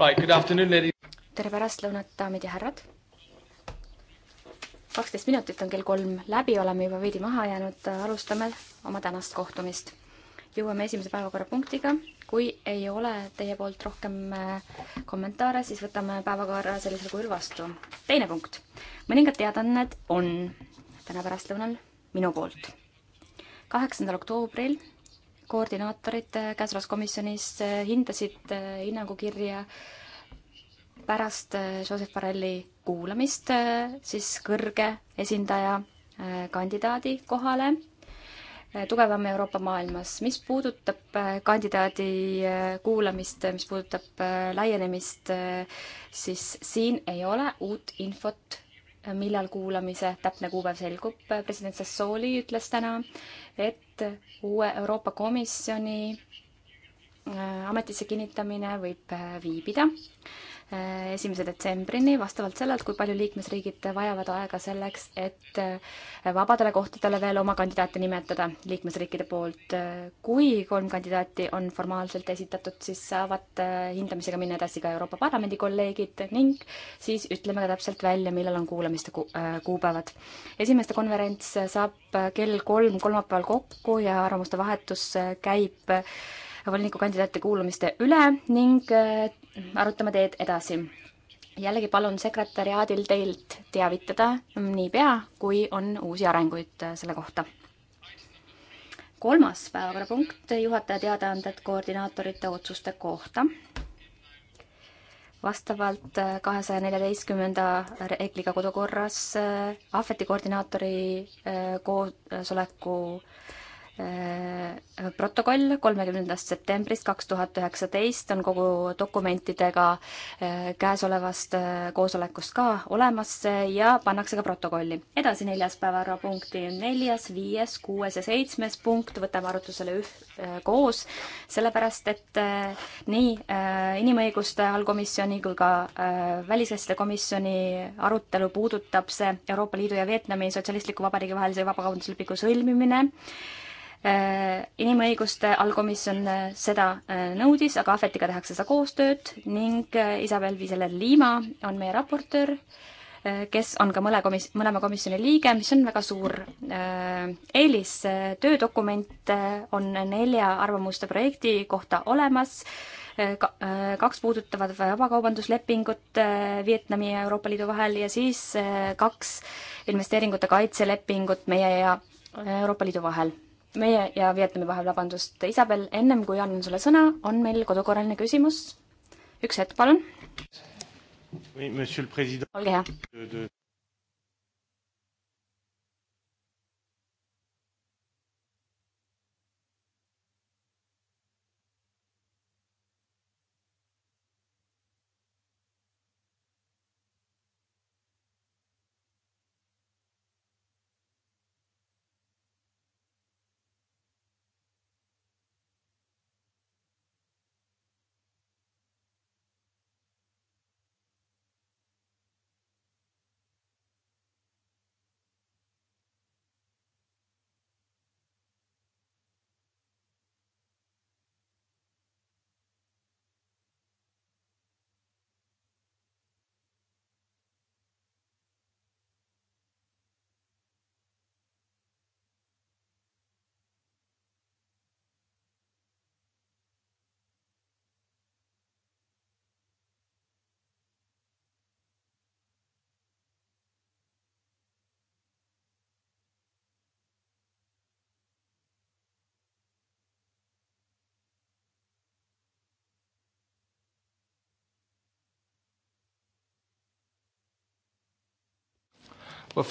Right, good afternoon, ladies. tere pärastlõunat, daamid ja härrad. kaksteist minutit on kell kolm läbi, oleme juba veidi maha jäänud, alustame oma tänast kohtumist. jõuame esimese päevakorrapunktiga. kui ei ole teie poolt rohkem äh, kommentaare, siis võtame päevakorra sellisel nagu kujul vastu. teine punkt. mõningad teadaanded on täna pärastlõunal minu poolt. kaheksandal oktoobril koordinaatorid käesolevas komisjonis eh, hindasid eh, hinnangukirja pärast eh, Joseph Borrelli kuulamist siis kõrge esindaja kandidaadi kohale tugevam Euroopa maailmas. mis puudutab kandidaadi kuulamist, mis puudutab laienemist, siis siin ei ole uut infot millal kuulamise täpne kuupäev selgub. president Sassoli ütles täna, et uue Euroopa Komisjoni äh, ametisse kinnitamine võib äh, viibida. Äh, esimese detsembrini, vastavalt sellelt, kui palju liikmesriigid vajavad aega selleks, et äh, vabadele kohtadele veel oma kandidaate nimetada liikmesriikide poolt. Äh, kui kolm kandidaati on formaalselt esitatud, siis saavad hindamisega minna edasi ka Euroopa Parlamendi kolleegid ning siis ütleme ka täpselt välja, millal on kuulamiste kuupäevad. esimeste konverents saab kell kolm kolmapäeval kokku ja arvamuste vahetus käib volinikukandidaate kuulamiste üle ning arutame teed edasi. jällegi palun sekretäriaadil teilt teavitada niipea, kui on uusi arenguid selle kohta. kolmas päevakorrapunkt, juhataja teadaanded koordinaatorite otsuste kohta. vastavalt kahesaja neljateistkümnenda reegliga kodukorras eh, ahveti koordinaatori eh, koosoleku äh, Äh, protokoll kolmekümnendast septembrist kaks tuhat üheksateist on kogu dokumentidega äh, käesolevast äh, koosolekust ka olemas ja pannakse ka protokolli. edasi neljas päevakorrapunkti, neljas, viies, kuues ja seitsmes punkt võtame arutlusele üh-, koos, sellepärast et nii inimõiguste allkomisjoni kui ka välisasjade komisjoni arutelu puudutab see Euroopa Liidu ja Vietnami Sotsialistliku Vabariigi vahelise vabakaubanduslepingu sõlmimine Äh, inimõiguste allkomisjon äh, seda äh, nõudis, aga Ahvetiga tehakse seda koostööd ning Isabel Viiseler-Liima on meie raportöör, kes on ka mõle komis-, mõlema komisjoni liige, mis on väga suur eelis. töödokument on nelja arvamuste projekti kohta olemas, kaks puudutavad vabakaubanduslepingut Vietnami ja Euroopa Liidu vahel ja siis kaks investeeringute kaitselepingut meie ja Euroopa Liidu vahel meie ja Vietnami vahel, vabandust. Isabel, ennem kui annan sulle sõna, on meil kodukorraline küsimus. üks hetk, palun. olge hea. Eh,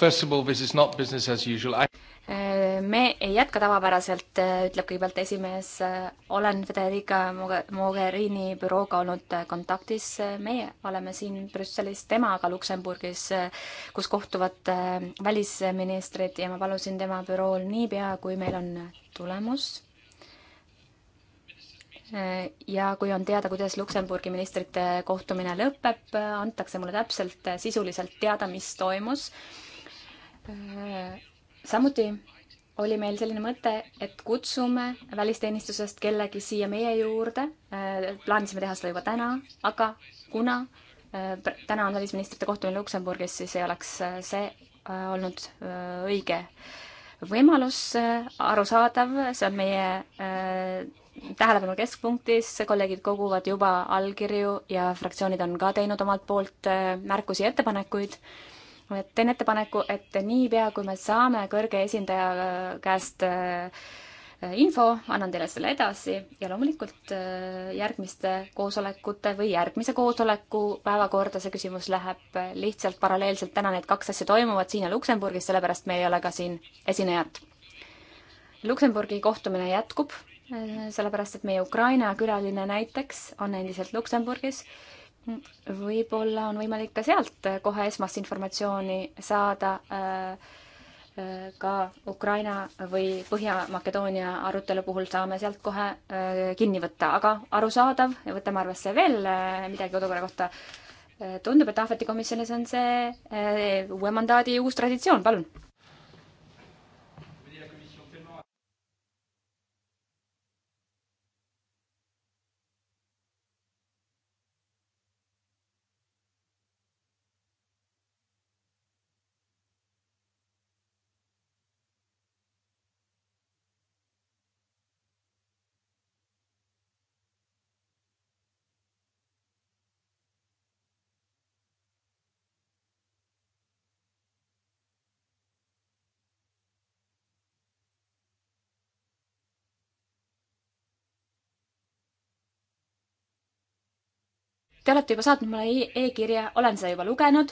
me ei jätka tavapäraselt, eh, ütleb kõigepealt esimees. Eh, olen Federica Mogherini bürooga olnud kontaktis. meie oleme siin Brüsselis, temaga Luksemburgis, kus kohtuvad välisministrid ja ma palusin tema bürool niipea, kui meil on tulemus ja kui on teada, kuidas Luksemburgi ministrite kohtumine lõpeb, antakse mulle täpselt sisuliselt teada, mis toimus samuti oli meil selline mõte, et kutsume välisteenistusest kellegi siia meie juurde. plaanisime teha seda juba täna, aga kuna äh, täna on välisministrite kohtumine Luksemburgis, siis ei oleks äh, see äh, olnud õige võimalus, arusaadav, see on meie tähelepanu keskpunktis, kolleegid koguvad juba allkirju ja fraktsioonid on ka teinud omalt poolt märkusi ja ettepanekuid teen ettepaneku, et niipea, kui me saame kõrge esindaja äh, käest äh, info, annan teile selle edasi ja loomulikult äh, järgmiste koosolekute või järgmise koosoleku päevakorda see küsimus läheb lihtsalt paralleelselt, täna need kaks asja toimuvad siin ja Luksemburgis, sellepärast me ei ole ka siin esinejad. Luksemburgi kohtumine jätkub, sellepärast et meie Ukraina külaline näiteks on endiselt Luksemburgis võib-olla on võimalik ka sealt kohe esmast informatsiooni saada äh, äh, ka Ukraina või Põhja-Makedoonia arutelu puhul saame sealt kohe äh, kinni võtta, aga arusaadav ja võtame arvesse veel midagi kodukorra kohta. tundub, et ahvetikomisjonis on see uue mandaadi uus traditsioon, palun Te olete juba saatnud mulle e-, e-kirja, olen seda juba lugenud,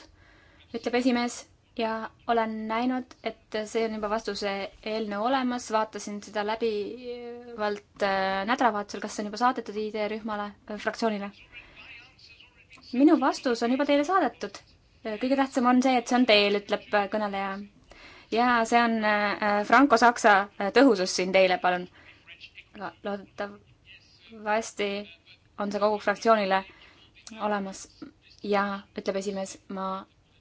ütleb esimees ja olen näinud, et see on juba vastuse eelnõu olemas, vaatasin seda läbivalt äh, nädalavahetusel, kas see on juba saadetud ID-rühmale, äh, fraktsioonile? minu vastus on juba teile saadetud. Äh, kõige tähtsam on see, et see on teil, ütleb kõneleja. ja see on Franco-Saksa tõhusus siin teile, palun. loodetavasti on see kogu fraktsioonile olemas ja ütleb esimees, ma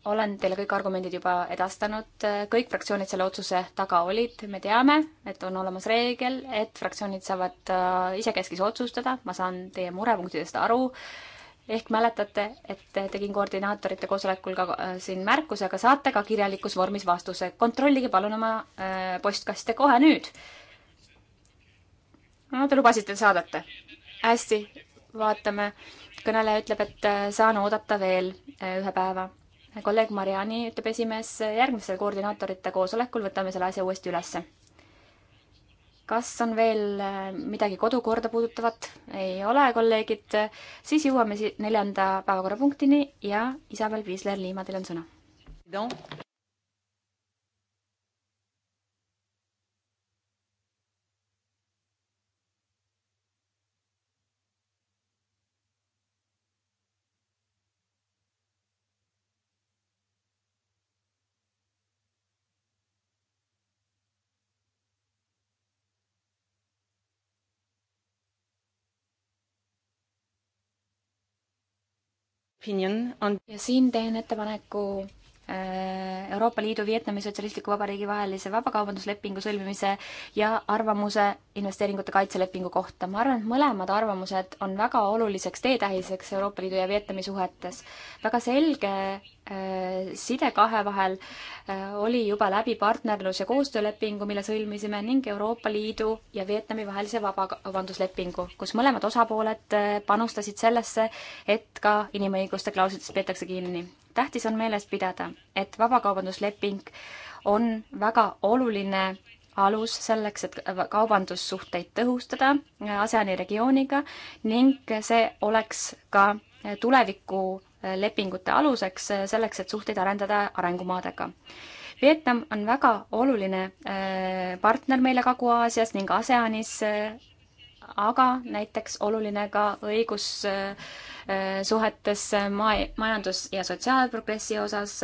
olen teile kõik argumendid juba edastanud, kõik fraktsioonid selle otsuse taga olid, me teame, et on olemas reegel, et fraktsioonid saavad äh, isekeskis otsustada, ma saan teie murepunktidest aru, ehk mäletate, et tegin koordinaatorite koosolekul ka äh, siin märkuse, aga saate ka kirjalikus vormis vastuse. kontrollige palun oma äh, postkaste kohe nüüd. no te lubasite, saadate. hästi, vaatame kõneleja ütleb, et äh, saan oodata veel äh, ühe päeva. kolleeg Mariani ütleb esimees, järgmisel koordinaatorite koosolekul võtame selle asja uuesti ülesse. kas on veel äh, midagi kodukorda puudutavat? ei ole, kolleegid. siis jõuame neljanda päevakorrapunktini ja Isabel Piisler-Liima, teil on sõna. On... ja siin teen ettepaneku äh, Euroopa Liidu Vietnami Sotsialistliku Vabariigi vahelise vabakaubanduslepingu sõlmimise ja arvamuse investeeringute kaitselepingu kohta. ma arvan, et mõlemad arvamused on väga oluliseks teetähiseks Euroopa Liidu ja Vietnami suhetes. väga selge äh, side kahe vahel äh, oli juba läbi partnerlus- ja koostöölepingu, mille sõlmisime, ning Euroopa Liidu ja Vietnami vahelise vabakaubanduslepingu, kus mõlemad osapooled äh, panustasid sellesse, et ka inimõiguste klauslitest peetakse kinni. tähtis on meeles pidada, et vabakaubandusleping on väga oluline äh, alus selleks, et kaubandussuhteid tõhustada ASEAN-i regiooniga ning see oleks ka tulevikulepingute aluseks selleks, et suhteid arendada arengumaadega. Vietnam on väga oluline äh, partner meile Kagu-Aasias ning ASEANis äh, aga näiteks oluline ka õigussuhetes äh, äh, äh, ma-, majandus- ja sotsiaalprogressi osas,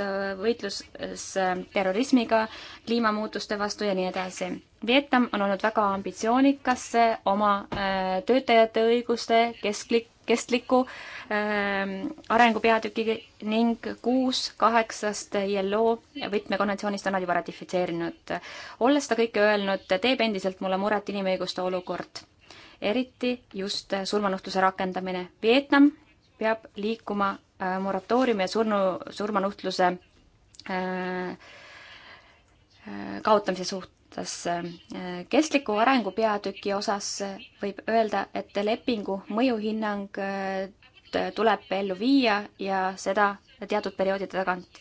võitluses terrorismiga, kliimamuutuste vastu ja nii edasi. Vietnam on olnud väga ambitsioonikas oma töötajate õiguste kesklik, kestliku arengu peatüki ning kuus kaheksast ILO võtmekonventsioonist on nad juba ratifitseerinud. olles seda kõike öelnud, teeb endiselt mulle muret inimõiguste olukord eriti just surmanuhtluse rakendamine. Vietnam peab liikuma äh, moratooriumi ja surnu, surmanuhtluse äh, äh, kaotamise suhtes. kestliku arengu peatüki osas võib öelda, et lepingu mõjuhinnang tuleb ellu viia ja seda teatud perioodide tagant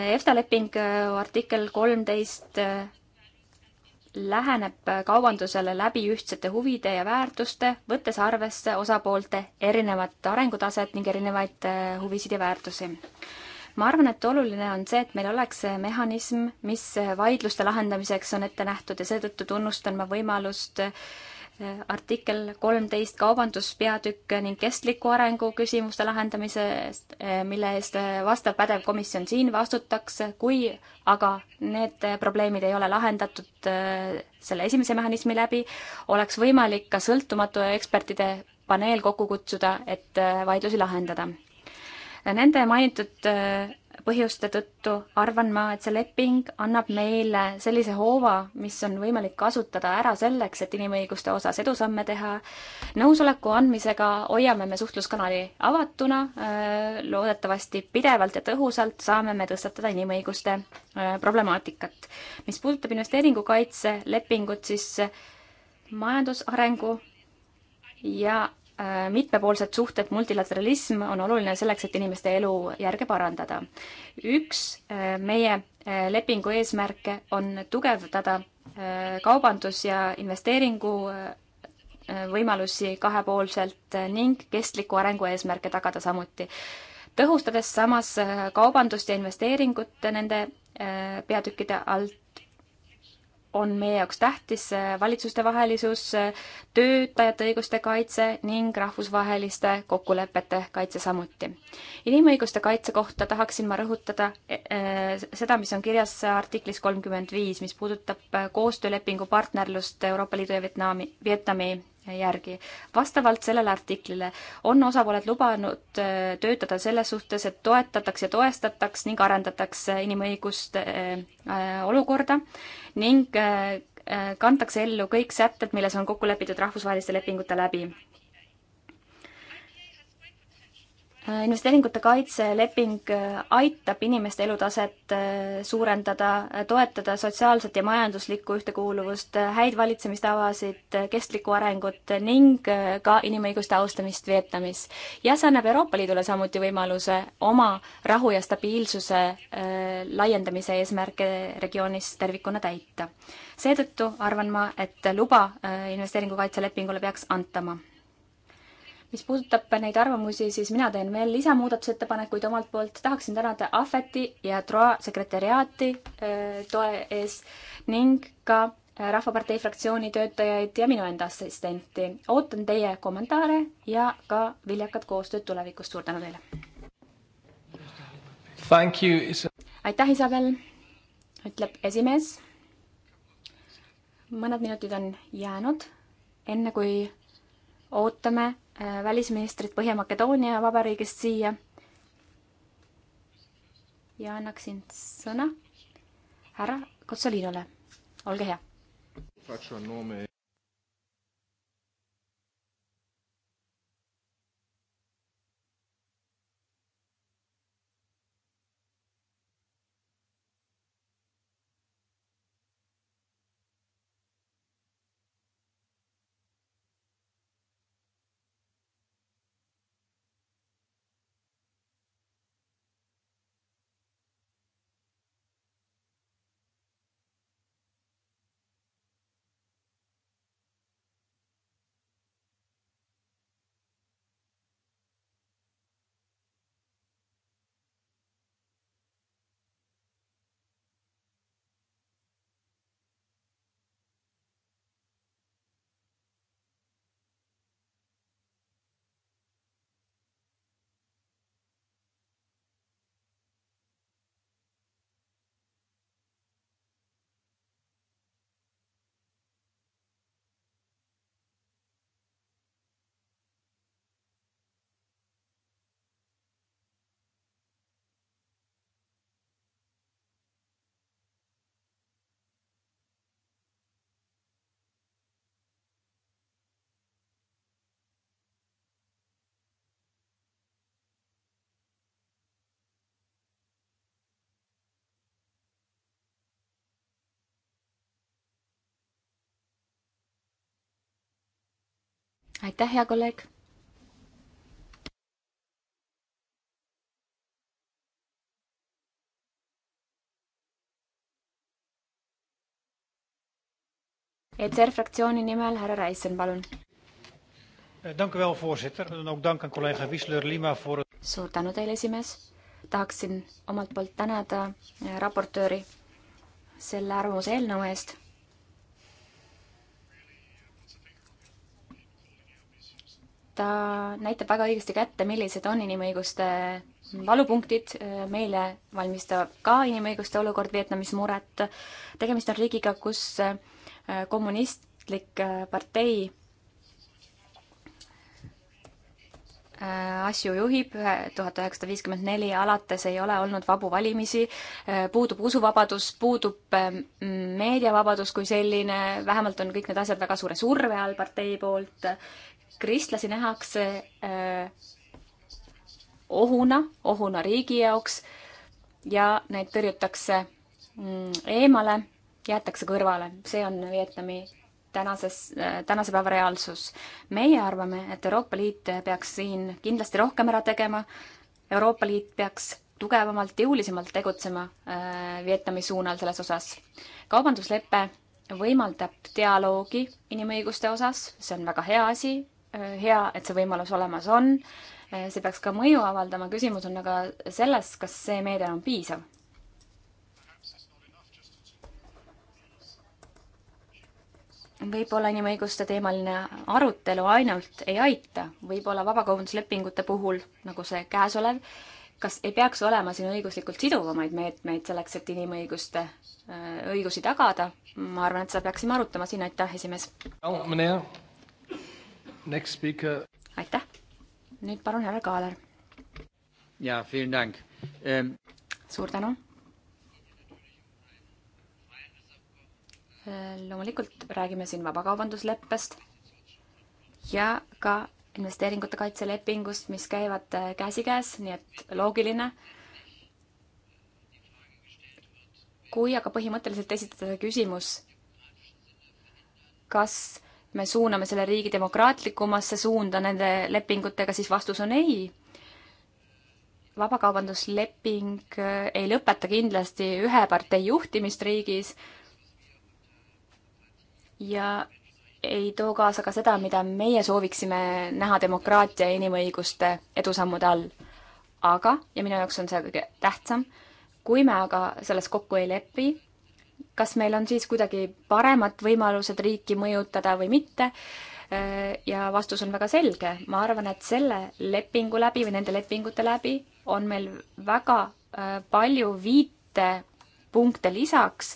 EFTA leping artikkel kolmteist läheneb kaubandusele läbi ühtsete huvide ja väärtuste, võttes arvesse osapoolte erinevat arengutaset ning erinevaid eh, huvisid ja väärtusi ma arvan, et oluline on see, et meil oleks mehhanism, mis vaidluste lahendamiseks on ette nähtud ja seetõttu tunnustan ma võimalust äh, artikkel kolmteist kaubanduspeatükk ning kestliku arengu küsimuste lahendamise eest, äh, mille eest äh, vastav pädev komisjon siin vastutaks, kui aga need probleemid ei ole lahendatud selle esimese mehhanismi läbi, oleks võimalik ka sõltumatu ekspertide paneel kokku kutsuda, et vaidlusi lahendada Nende mainitud äh, põhjuste tõttu arvan ma, et see leping annab meile sellise hoova, mis on võimalik kasutada ära selleks, et inimõiguste osas edusamme teha. nõusoleku andmisega hoiame me suhtluskanali avatuna, äh, loodetavasti pidevalt ja tõhusalt saame me tõstatada inimõiguste äh, problemaatikat. mis puudutab investeeringukaitse lepingut, siis majandusarengu ja Äh, mitmepoolsed suhted, multilateralism on oluline selleks, et inimeste elujärge parandada. üks äh, meie äh, lepingu eesmärke on tugevdada kaubandus- ja investeeringu võimalusi kahepoolselt ning kestliku arengu eesmärke tagada samuti. tõhustades samas kaubandust ja investeeringut nende peatükkide alt, on meie jaoks tähtis valitsustevahelisus, töötajate õiguste kaitse ning rahvusvaheliste kokkulepete kaitse samuti. inimõiguste kaitse kohta tahaksin ma rõhutada e, e, seda, mis on kirjas artiklis kolmkümmend viis, mis puudutab koostöölepingu partnerlust Euroopa Liidu ja Vietnami, Vietnami järgi. vastavalt sellele artiklile on osapooled lubanud äh, töötada selles suhtes, et toetatakse, toestataks ning arendatakse inimõiguste äh, äh, olukorda ning kantakse ellu kõik sätted, milles on kokku lepitud rahvusvaheliste lepingute läbi Äh, investeeringute kaitseleping äh, aitab inimeste elutaset äh, suurendada, toetada sotsiaalset ja majanduslikku ühtekuuluvust, häid valitsemistavasid, kestlikku arengut ning ka inimõiguste austamist Vietnamis. ja see annab Euroopa Liidule samuti võimaluse oma rahu ja stabiilsuse laiendamise eesmärke regioonis tervikuna täita. seetõttu arvan ma, et luba investeeringukaitselepingule peaks antama mis puudutab neid arvamusi, siis mina teen veel lisamuudatusettepanekuid omalt poolt. tahaksin tänada Ahveti ja Troa sekretäriaati toe ees ning ka Rahvapartei fraktsiooni töötajaid ja minu enda assistenti. ootan teie kommentaare ja ka viljakat koostööd tulevikus. suur tänu teile! aitäh, Isabel, ütleb esimees. mõned minutid on jäänud, enne kui ootame äh, välisministrit Põhja-Makedoonia Vabariigist siia. ja annaksin sõna härra Kotsalinole, olge hea. aitäh, hea kolleeg. ETR fraktsiooni nimel härra Raisen, palun. Eh, dank u wel, voorzitter. En ook dank aan collega Wiesler Lima voor... Suur tänu teile, esimees. Tahaksin omalt poolt tänada eh, raportööri selle arvamuse eelnõu eest ta näitab väga õigesti kätte, millised on inimõiguste valupunktid, meile valmistab ka inimõiguste olukord Vietnamis muret. tegemist on riigiga, kus äh, kommunistlik äh, partei äh, asju juhib, tuhat üheksasada viiskümmend neli alates ei ole olnud vabu valimisi, puudub usuvabadus, puudub meediavabadus kui selline, vähemalt on kõik need asjad väga suure surve all partei poolt kristlasi nähakse äh, ohuna, ohuna riigi jaoks ja neid tõrjutakse mm, eemale, jäetakse kõrvale. see on Vietnami tänases, äh, tänase päeva reaalsus. meie arvame, et Euroopa Liit peaks siin kindlasti rohkem ära tegema. Euroopa Liit peaks tugevamalt, jõulisemalt tegutsema äh, Vietnami suunal selles osas. kaubanduslepe võimaldab dialoogi inimõiguste osas, see on väga hea asi, Äh, hea, et see võimalus olemas on. Äh, see peaks ka mõju avaldama, küsimus on aga selles, kas see meede on piisav. võib-olla inimõiguste teemaline arutelu ainult ei aita, võib-olla vabakaubanduslepingute puhul, nagu see käesolev, kas ei peaks olema siin õiguslikult siduvamaid meetmeid selleks, et inimõiguste äh, õigusi tagada? ma arvan, et seda peaksime arutama siin, aitäh, esimees aitäh. nüüd palun härra Kaaler. jaa, vielen dank ähm.... suur tänu. Äh, loomulikult räägime siin vabakaubandusleppest ja ka investeeringute kaitselepingust, mis käivad äh, käsikäes, nii et loogiline. kui aga põhimõtteliselt esitada küsimus, kas me suuname selle riigi demokraatlikumasse suunda nende lepingutega, siis vastus on ei. vabakaubandusleping äh, ei lõpeta kindlasti ühe partei juhtimist riigis ja ei too kaasa ka seda, mida meie sooviksime näha demokraatia ja inimõiguste edusammude all. aga, ja minu jaoks on see kõige tähtsam, kui me aga selles kokku ei lepi, kas meil on siis kuidagi paremad võimalused riiki mõjutada või mitte. ja vastus on väga selge, ma arvan, et selle lepingu läbi või nende lepingute läbi on meil väga äh, palju viitepunkte lisaks,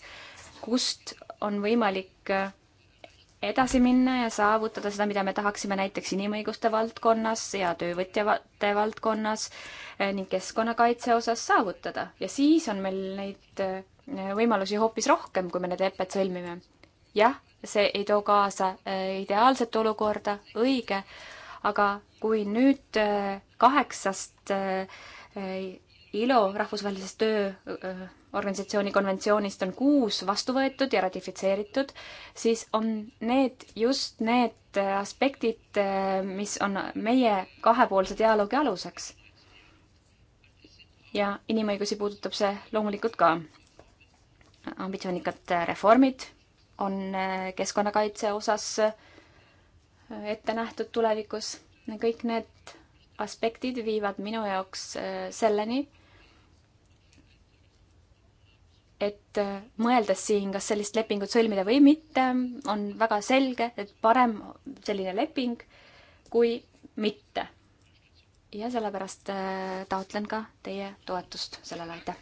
kust on võimalik äh, edasi minna ja saavutada seda, mida me tahaksime näiteks inimõiguste valdkonnas ja töövõtjate valdkonnas äh, ning keskkonnakaitse osas saavutada ja siis on meil neid võimalusi hoopis rohkem, kui me need lepped sõlmime. jah, see ei too kaasa äh, ideaalset olukorda, õige, aga kui nüüd äh, kaheksast äh, ILO rahvusvahelisest tööorganisatsiooni konventsioonist on kuus vastu võetud ja ratifitseeritud, siis on need just need aspektid, mis on meie kahepoolse dialoogi aluseks. ja inimõigusi puudutab see loomulikult ka ambitsioonikad reformid on äh, keskkonnakaitse osas äh, ette nähtud tulevikus. kõik need aspektid viivad minu jaoks äh, selleni, et mõeldes siin, kas sellist lepingut sõlmida või mitte, on väga selge, et parem selline leping kui mitte. ja sellepärast taotlen ka teie toetust sellele, aitäh!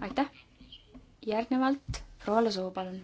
aitäh! järgnevalt proua Lasoo, palun.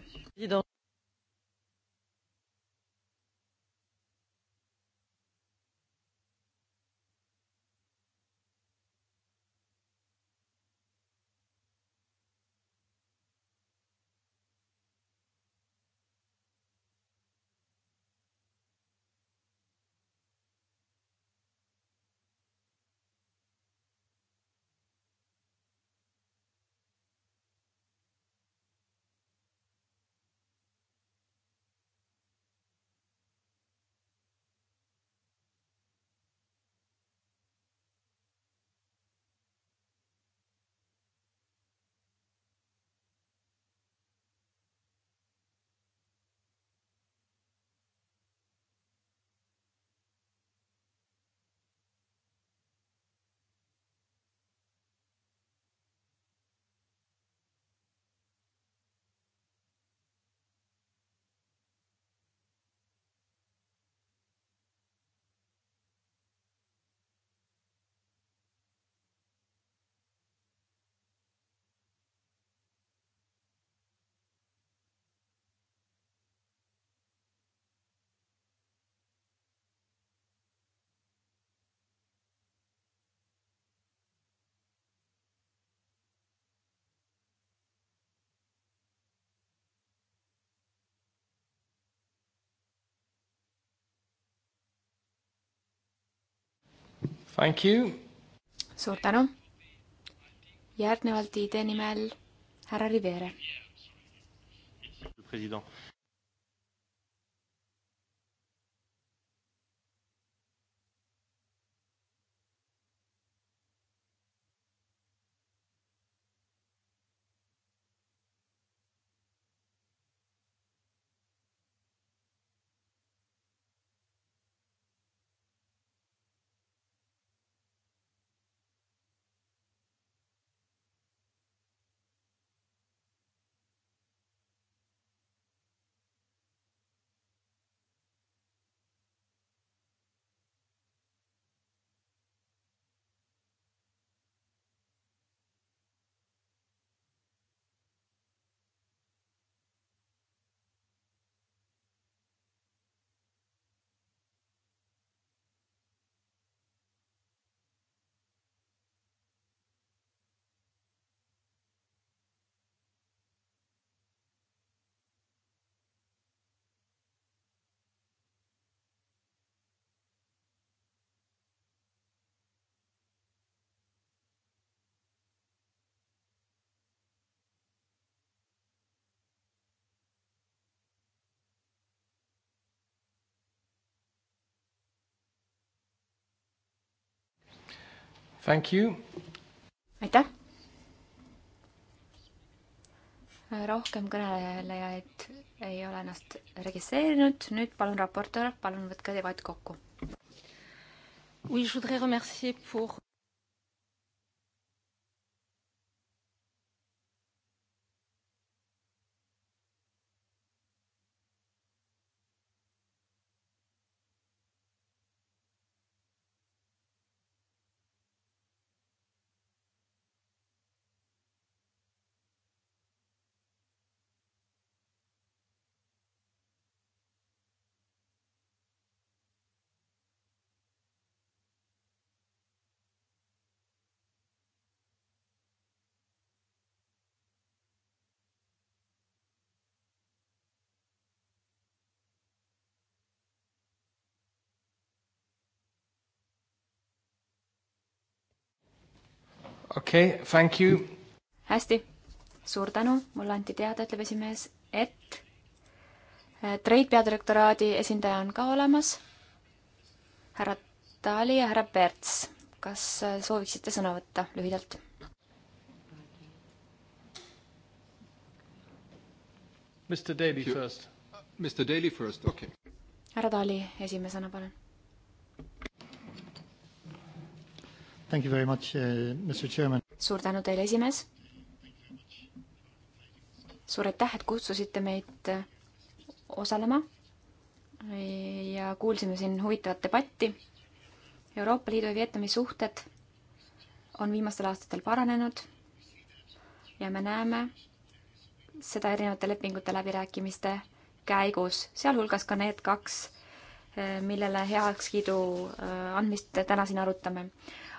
suur tänu. järgnevalt ID nimel härra Rivere. Thank you. aitäh. rohkem kõnelejaid ei ole ennast registreerinud, nüüd palun raportöör, palun võtke debatt kokku. okei okay,, thank you. hästi, suur tänu, mulle anti teada, ütleb esimees, et eh, Trade peadirektoraadi esindaja on ka olemas. härra Tali ja härra Perts, kas eh, sooviksite sõna võtta lühidalt? Mr Daly first. Mr Daly first, okei okay.. härra Tali esimesena, palun Thank you very much, uh, Mr Chairman. suur tänu teile, esimees. suur aitäh, et kutsusite meid äh, osalema ja kuulsime siin huvitavat debatti. Euroopa Liidu ja Vietnami suhted on viimastel aastatel paranenud ja me näeme seda erinevate lepingute läbirääkimiste käigus, sealhulgas ka need kaks, äh, millele heakskiidu äh, andmist täna siin arutame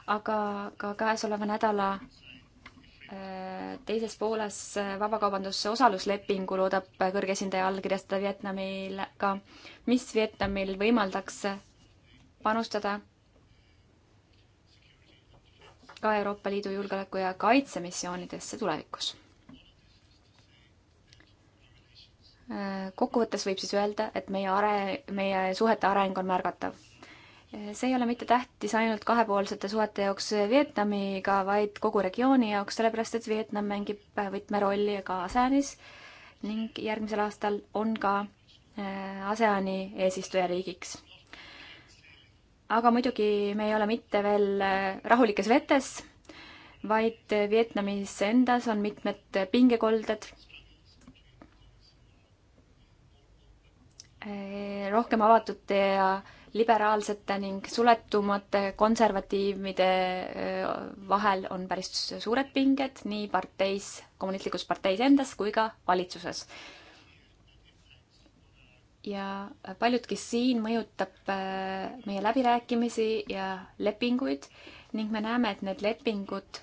aga ka käesoleva nädala äh, teises pooles äh, vabakaubanduse osaluslepingu loodab kõrge esindaja allkirjastada Vietnamiga, mis Vietnamil võimaldaks panustada ka Euroopa Liidu julgeoleku- ja kaitsemissioonidesse tulevikus. Äh, kokkuvõttes võib siis öelda, et meie are-, meie suhete areng on märgatav see ei ole mitte tähtis ainult kahepoolsete suhete jaoks Vietnamiga, vaid kogu regiooni jaoks, sellepärast et Vietnam mängib võtmerolli ka ASEANis ning järgmisel aastal on ka äh, ASEANi eesistujariigiks. aga muidugi me ei ole mitte veel äh, rahulikes vetes, vaid Vietnamis endas on mitmed pingekolded, äh, rohkem avatud ja liberaalsete ning suletumate konservatiivide vahel on päris suured pinged nii parteis, kommunistlikus parteis endas kui ka valitsuses. ja paljudki siin mõjutab meie läbirääkimisi ja lepinguid ning me näeme, et need lepingud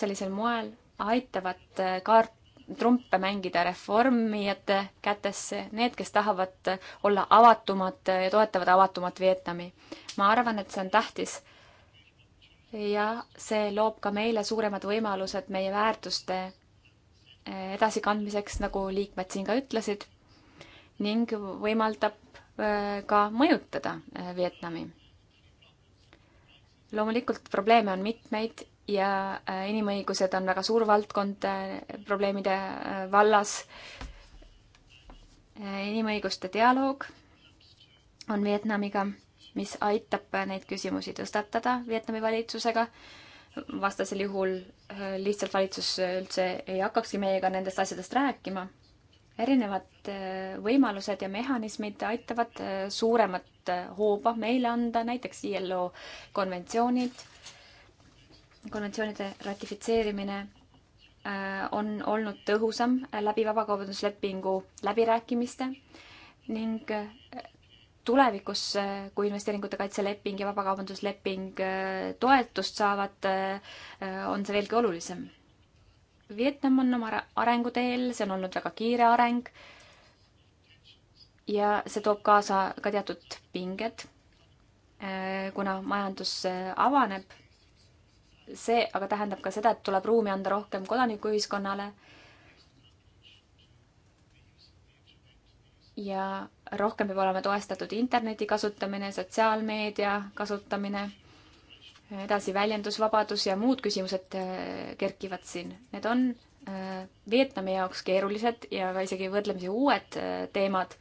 sellisel moel aitavad äh, kaart trumpe mängida reformijate kätesse, need, kes tahavad olla avatumad ja toetavad avatumat Vietnami. ma arvan, et see on tähtis. ja see loob ka meile suuremad võimalused meie väärtuste eh, edasikandmiseks, nagu liikmed siin ka ütlesid, ning võimaldab eh, ka mõjutada eh, Vietnami. loomulikult probleeme on mitmeid ja äh, inimõigused on väga suur valdkond äh, probleemide äh, vallas. inimõiguste dialoog on Vietnamiga, mis aitab neid küsimusi tõstatada Vietnami valitsusega. vastasel juhul lihtsalt valitsus üldse ei hakkakski meiega nendest asjadest rääkima. erinevad võimalused ja mehhanismid aitavad suuremat hooba meile anda, näiteks ILO konventsioonilt konventsioonide ratifitseerimine äh, on olnud tõhusam läbi vabakaubanduslepingu läbirääkimiste ning äh, tulevikus, äh, kui investeeringute kaitseleping ja vabakaubandusleping toetust saavad, on see veelgi olulisem. Vietnam on oma arenguteel, see on olnud väga kiire areng ja see toob kaasa ka teatud pinged, kuna majandus avaneb see aga tähendab ka seda, et tuleb ruumi anda rohkem kodanikuühiskonnale ja rohkem peab olema toestatud interneti kasutamine, sotsiaalmeedia kasutamine, edasi väljendusvabadus ja muud küsimused äh, kerkivad siin. Need on äh, Vietnami jaoks keerulised ja ka isegi võrdlemisi uued äh, teemad,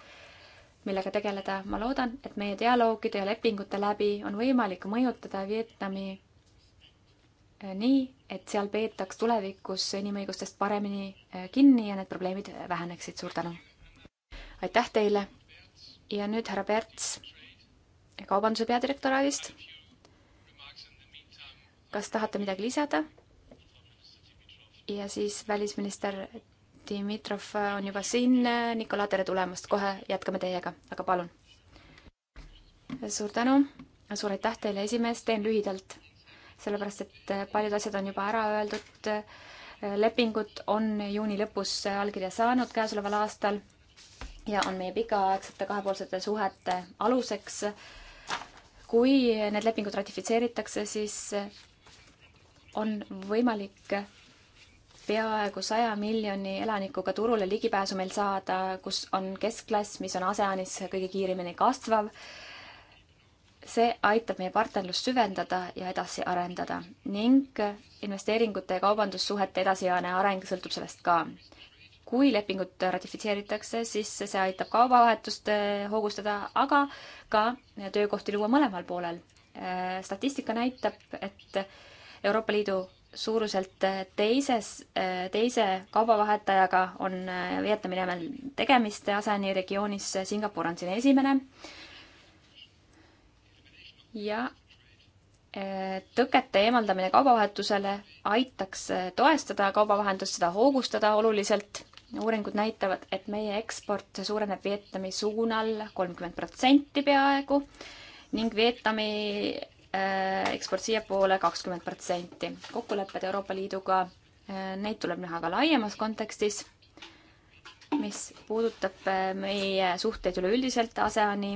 millega tegeleda. ma loodan, et meie dialoogide ja lepingute läbi on võimalik mõjutada Vietnami Äh, nii, et seal peetaks tulevikus inimõigustest paremini äh, kinni ja need probleemid väheneksid. suur tänu! aitäh teile! ja nüüd härra Perts kaubanduse peadirektoraadist. kas tahate midagi lisada? ja siis välisminister Dimitrov on juba siin. Nikola, tere tulemast, kohe jätkame teiega, aga palun. suur tänu, suur aitäh teile, esimees, teen lühidalt sellepärast et äh, paljud asjad on juba ära öeldud. Äh, lepingud on juuni lõpus allkirja saanud käesoleval aastal ja on meie pikaaegsete kahepoolsete suhete aluseks. kui need lepingud ratifitseeritakse, siis äh, on võimalik peaaegu saja miljoni elanikuga turule ligipääsu meil saada, kus on keskklass, mis on ASEANis kõige kiiremini kasvav see aitab meie partnerlust süvendada ja edasi arendada ning investeeringute ja kaubandussuhete edasijane areng sõltub sellest ka. kui lepingut ratifitseeritakse, siis see aitab kaubavahetust eh, hoogustada, aga ka töökohti luua mõlemal poolel. Eh, statistika näitab, et Euroopa Liidu suuruselt eh, teises, teise kaubavahetajaga on Vietnami nimel tegemist, ASEAN-i regioonis Singapur on siin esimene ja äh, tõkete eemaldamine kaubavahetusele aitaks äh, toestada kaubavahendust, seda hoogustada oluliselt. uuringud näitavad, et meie eksport suureneb Vietnami suunal kolmkümmend protsenti peaaegu ning Vietnami äh, eksport siiapoole kakskümmend protsenti. kokkulepped Euroopa Liiduga, neid tuleb näha ka laiemas kontekstis, mis puudutab meie suhteid üleüldiselt ASEAN-i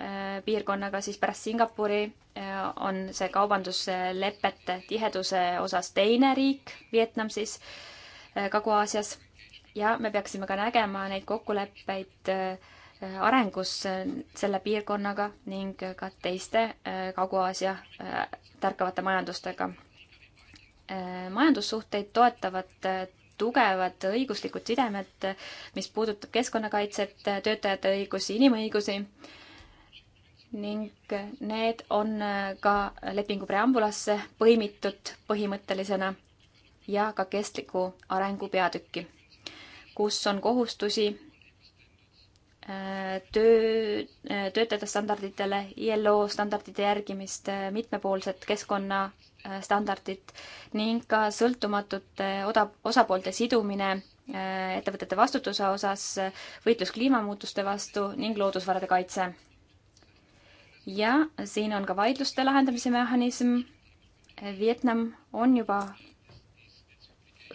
Äh, piirkonnaga, siis pärast Singapuri äh, on see kaubanduslepete tiheduse osas teine riik, Vietnam siis, äh, Kagu-Aasias. ja me peaksime ka nägema neid kokkuleppeid arengus selle piirkonnaga ning ka teiste Kagu-Aasia tärkavate majandustega. majandussuhteid toetavad tugevad õiguslikud sidemed, mis puudutab keskkonnakaitset, töötajate õigusi, inimõigusi ning need on äh, ka lepingu preambulasse põimitud põhimõttelisena ja ka kestliku arengu peatükki, kus on kohustusi äh, töö, äh, töötajate standarditele, ILO standardite järgimist, mitmepoolset keskkonnastandardit ning ka sõltumatute oda, osapoolte sidumine ettevõtete vastutuse osas, võitlus kliimamuutuste vastu ning loodusvarade kaitse ja siin on ka vaidluste lahendamise mehhanism. Vietnam on juba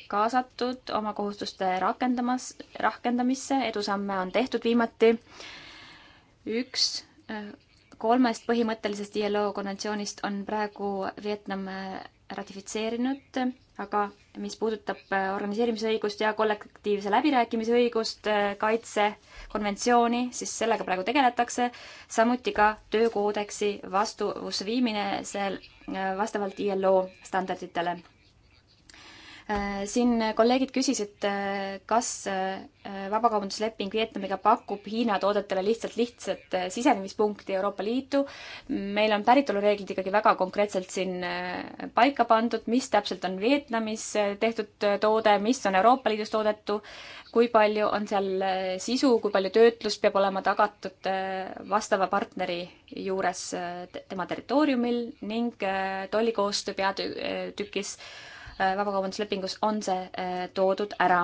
kaasatud oma kohustuste rakendamas, rakendamisse, edusamme on tehtud viimati. üks äh, kolmest põhimõttelisest ILO konventsioonist on praegu Vietnam äh, ratifitseerinud aga mis puudutab äh, organiseerimisõigust ja kollektiivse läbirääkimise õigust, äh, kaitsekonventsiooni, siis sellega praegu tegeletakse, samuti ka töökoodeksi vastuvusse viimine seal äh, vastavalt ILO standarditele Äh, siin kolleegid küsisid, äh, kas äh, vabakaubandusleping Vietnamiga pakub Hiina toodetele lihtsalt lihtsat sisenemispunkti Euroopa Liitu. meil on päritolureeglid ikkagi väga konkreetselt siin paika pandud, mis täpselt on Vietnamis tehtud toode, mis on Euroopa Liidus toodetu, kui palju on seal sisu, kui palju töötlust peab olema tagatud vastava partneri juures tema territooriumil ning tollikoostöö peatükis tü Äh, vabakaubanduslepingus on see äh, toodud ära.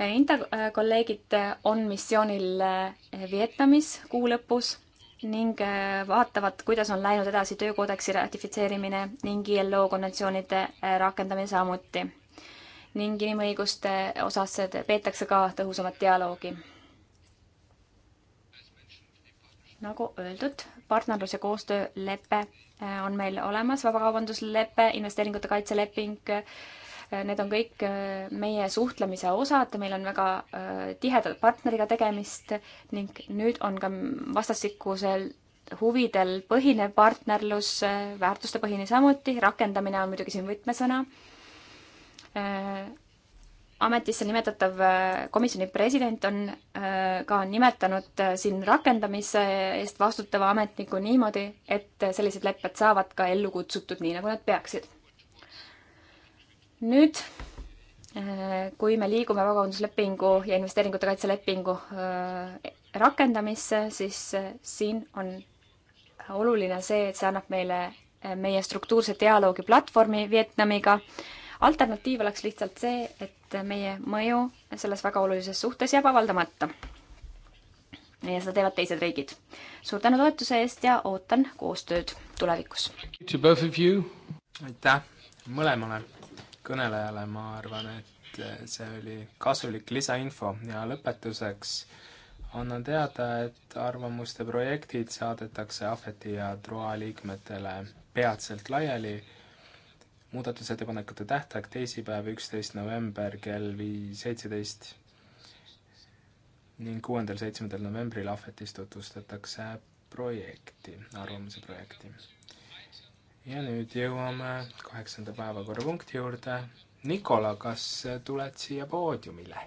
Äh, Inta kolleegid on missioonil Vietnamis kuu lõpus ning vaatavad, kuidas on läinud edasi töökoodeksi ratifitseerimine ning ILO konventsioonide rakendamine samuti. ning inimõiguste osas peetakse ka tõhusamat dialoogi. nagu öeldud, partnerlus- ja koostöölepe Äh, on meil olemas, vabakaubanduslepe, investeeringute kaitseleping, äh, need on kõik äh, meie suhtlemise osad, meil on väga tiheda partneriga tegemist ning nüüd on ka vastastikusel huvidel põhinev partnerlus, väärtustepõhine samuti, rakendamine on muidugi siin võtmesõna ametisse nimetatav äh, komisjoni president on äh, ka nimetanud äh, siin rakendamise eest vastutava ametniku niimoodi, et sellised lepped saavad ka ellu kutsutud nii, nagu nad peaksid. nüüd, kui me liigume vabakaubanduslepingu ja investeeringute kaitse lepingu rakendamisse, siis siin on oluline see, et see annab meile meie struktuurse dialoogi platvormi Vietnamiga äh, alternatiiv oleks lihtsalt see, et meie mõju selles väga olulises suhtes jääb avaldamata. ja seda teevad teised riigid. suur tänu toetuse eest ja ootan koostööd tulevikus. aitäh mõlemale kõnelejale, ma arvan, et see oli kasulik lisainfo ja lõpetuseks annan teada, et arvamuste projektid saadetakse Ahveti ja Troa liikmetele peatselt laiali muudatusettepanekute tähtaeg teisipäev, üksteist november kell viis, seitseteist ning kuuendal, seitsmendal novembril ahvetis tutvustatakse projekti, arvamuse projekti. ja nüüd jõuame kaheksanda päevakorrapunkti juurde. Nikola, kas tuled siia poodiumile?